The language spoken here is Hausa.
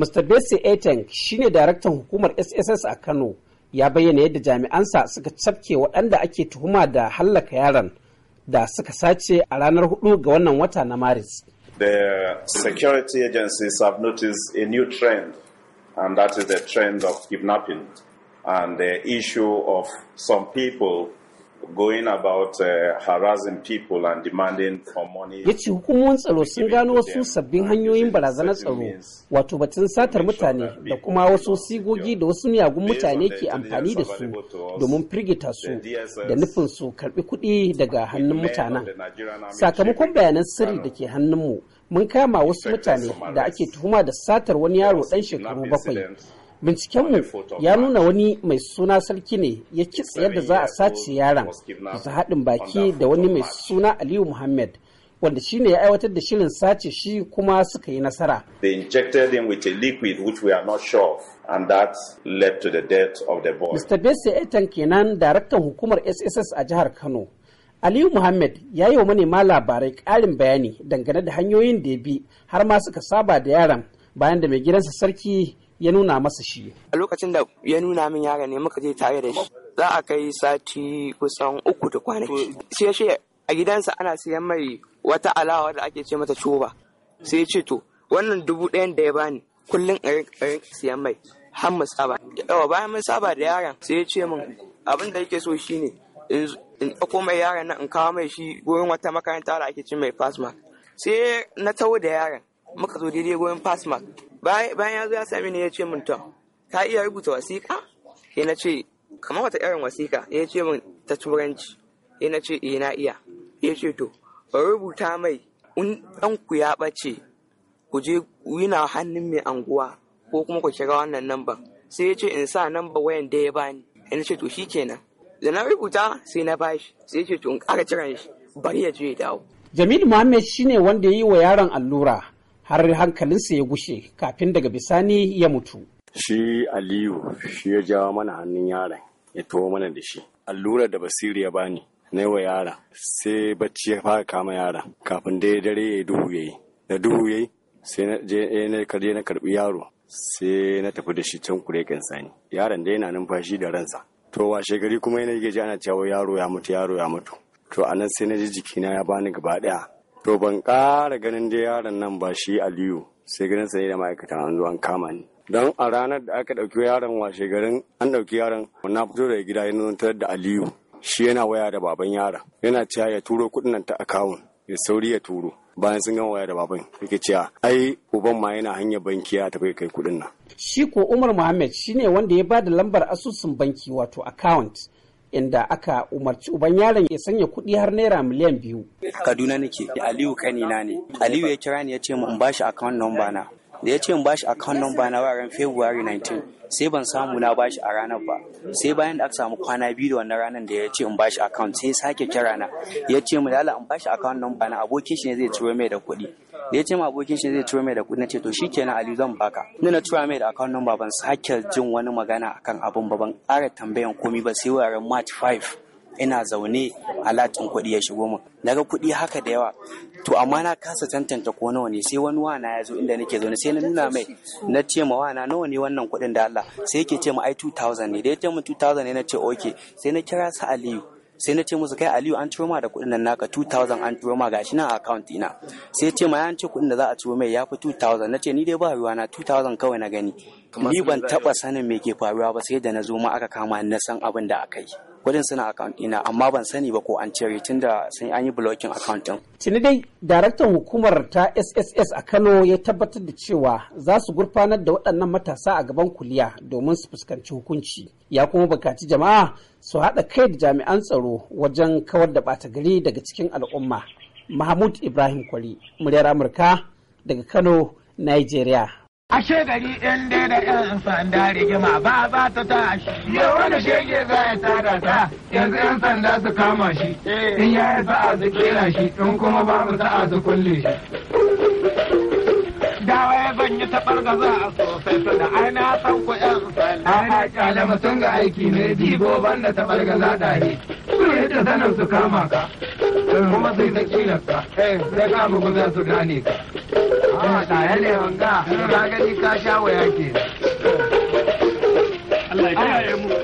Mr. Bessie Eteng shine daraktan hukumar SSS a Kano ya bayyana yadda jami'ansa suka cafke waɗanda ake tuhuma da hallaka yaron da suka sace a ranar hudu ga wannan wata na Maris. The security agencies have noticed a new trend and that is the trend of kidnapping and the issue of some people going about uh, harassing people and demanding for money. Ya ce hukumomin tsaro sun gano wasu sabbin hanyoyin barazanar tsaro wato batun satar mutane da kuma wasu sigogi da wasu miyagun mutane ke amfani da su domin firgita su da nufin su karbi kuɗi daga hannun mutanen. Sakamakon bayanan sirri da ke hannunmu mun kama wasu mutane da ake tuhuma da satar wani yaro dan shekaru bakwai. binciken mu ya nuna wani mai suna sarki ne ya kitsa da za a sace yaran bisa haɗin baki da wani mai suna aliyu muhammad wanda shi ne ya aiwatar da shirin sace shi kuma suka yi nasara. They injected not sure and that led of the boy. Mr. Bese Etan kenan daraktan hukumar SSS a jihar Kano. Aliyu Muhammad ya yi wa manema labarai ƙarin bayani dangane da hanyoyin da ya bi har ma suka saba da yaran bayan da mai gidansa sarki ya nuna masa shi a lokacin da ya nuna min yara ne muka je tare da shi za a kai sati kusan uku da kwanaki sai shi a gidansa ana siyan mai wata alawa da ake ce mata coba sai ce to wannan dubu ɗayan da ya bani kullum a siyan mai har mu saba yawa bayan mun saba da yaran sai ya ce min abin da yake so shine in ɗauko mai yaran nan in kawo mai shi gurin wata makaranta da ake ce mai fasma sai na taho da yaran muka zo daidai goyon Mark. bayan ya zo ya sami ni ya ce min tom ka iya rubuta wasiƙa sai na ce kamar wata irin wasiƙa ya ce min ta turanci sai na ce eh na iya ya ce to rubuta mai in ku ya ɓace ku je wina hannun mai anguwa ko kuma ku kira wannan namban sai ya ce in sa namba wayan da ya bani na ce to shi kenan da na rubuta sai na bashi sai ya ce to in ƙara kiran shi bari ya je ya dawo Jamilu Muhammad shine wanda ya yi wa yaron allura har hankalinsa ya gushe kafin daga bisani ya mutu. Shi Aliyu shi ya jawo mana hannun yaron ya tuwo mana da shi. Allura da basiri ya bani na wa yara sai bacci ya fara kama yara kafin dai dare ya duhu ya yi. Da duhu ya yi sai na je eh, na na karbi yaro sai na tafi da shi can kure kan sani. Yaron da yana numfashi da ransa. To washe gari kuma yana ji ana cewa yaro ya mutu yaro ya mutu. To anan sai na ji jikina ya bani gaba daya to ban kara ganin da yaron nan ba shi aliyu sai ganin sai da ma'aikatan an zo an kama ni don a ranar da aka ɗauki yaron washe garin an ɗauki yaron na fito daga gida ya nuna da aliyu shi yana waya da baban yaron yana cewa ya turo kuɗin nan ta akawun ya sauri ya turo bayan sun gama waya da baban yake cewa ai uban ma yana hanyar banki ya tafi kai kuɗin nan shi ko umar muhammad shine wanda ya ba da lambar asusun banki wato account inda aka umarci uban yaron ya sanya kuɗi har naira miliyan biyu. Kaduna nake Aliyu na ne. Aliyu ya kira ni ya ce in bashi account number na. Da ya ce in bashi account number na ran February 19 sai ban samu na bashi a ranar ba. Sai bayan da aka samu kwana biyu da wannan ranar da ya ce in bashi account sai sake kira na. Ya ce mu lala in bashi account number na abokin shi ne zai ciro mai da kuɗi. da ya ce ma abokin shi zai tura mai da kuɗi na ce to kenan Ali zan baka ni na tura mai da account number ban sake jin wani magana akan abun ba ban ƙara tambayan komi ba sai wuraren March 5 ina zaune a latin kuɗi ya shigo mu daga kuɗi haka da yawa to amma na kasa tantance ko nawa ne sai wani wana ya zo inda nake zaune sai na nuna mai na ce ma wana nawa ne wannan kuɗin da Allah sai yake ce ma ai 2000 ne da ya ce min 2000 ne na ce okay sai na kira sa Aliyu sai na ce musu kai aliyu an ciro ma da kuɗin nan naka 2000 an ciro ma gashi nan account ina sai ce ma ya ce kuɗin da za a ciro mai ya fi 2000 na ce ni dai ba ruwa na 2000 kawai na gani ni ban taba sanin me ke faruwa ba sai da na zo ma aka kama ni na san abin da aka yi kudin suna account ina amma ban sani ba ko an cire da sun an yi blocking account din tuni dai daraktan hukumar ta SSS a Kano ya tabbatar da cewa za su gurfanar da waɗannan matasa a gaban kuliya domin su fuskanci hukunci ya kuma bukaci jama'a su haɗa kai da jami'an tsaro wajen kawar da ɓata gari daga cikin al'umma Mahmud Ibrahim Kwari muryar Amurka daga Kano Nigeria Ashe gari ɗin dai da 'yan sanda rigima ba za ta tashi. Ya wani shege za ya tada ta, yanzu ƴan sanda su kama shi. Eh. In ya yi sa'a su kera shi, in kuma babu sa'a su kulle shi. Dawa ya ban yi taɓar da za a sosai su da aina san ku ƴan sanda. Aina kyale sun ga aiki ne, jibo banda taɓar ga za da yi. yadda sanin su kama ka. kuma sai ta kila ta kama ba za su gane ka kuma tare ne wanga ka gani ka sha waya ke Allah ya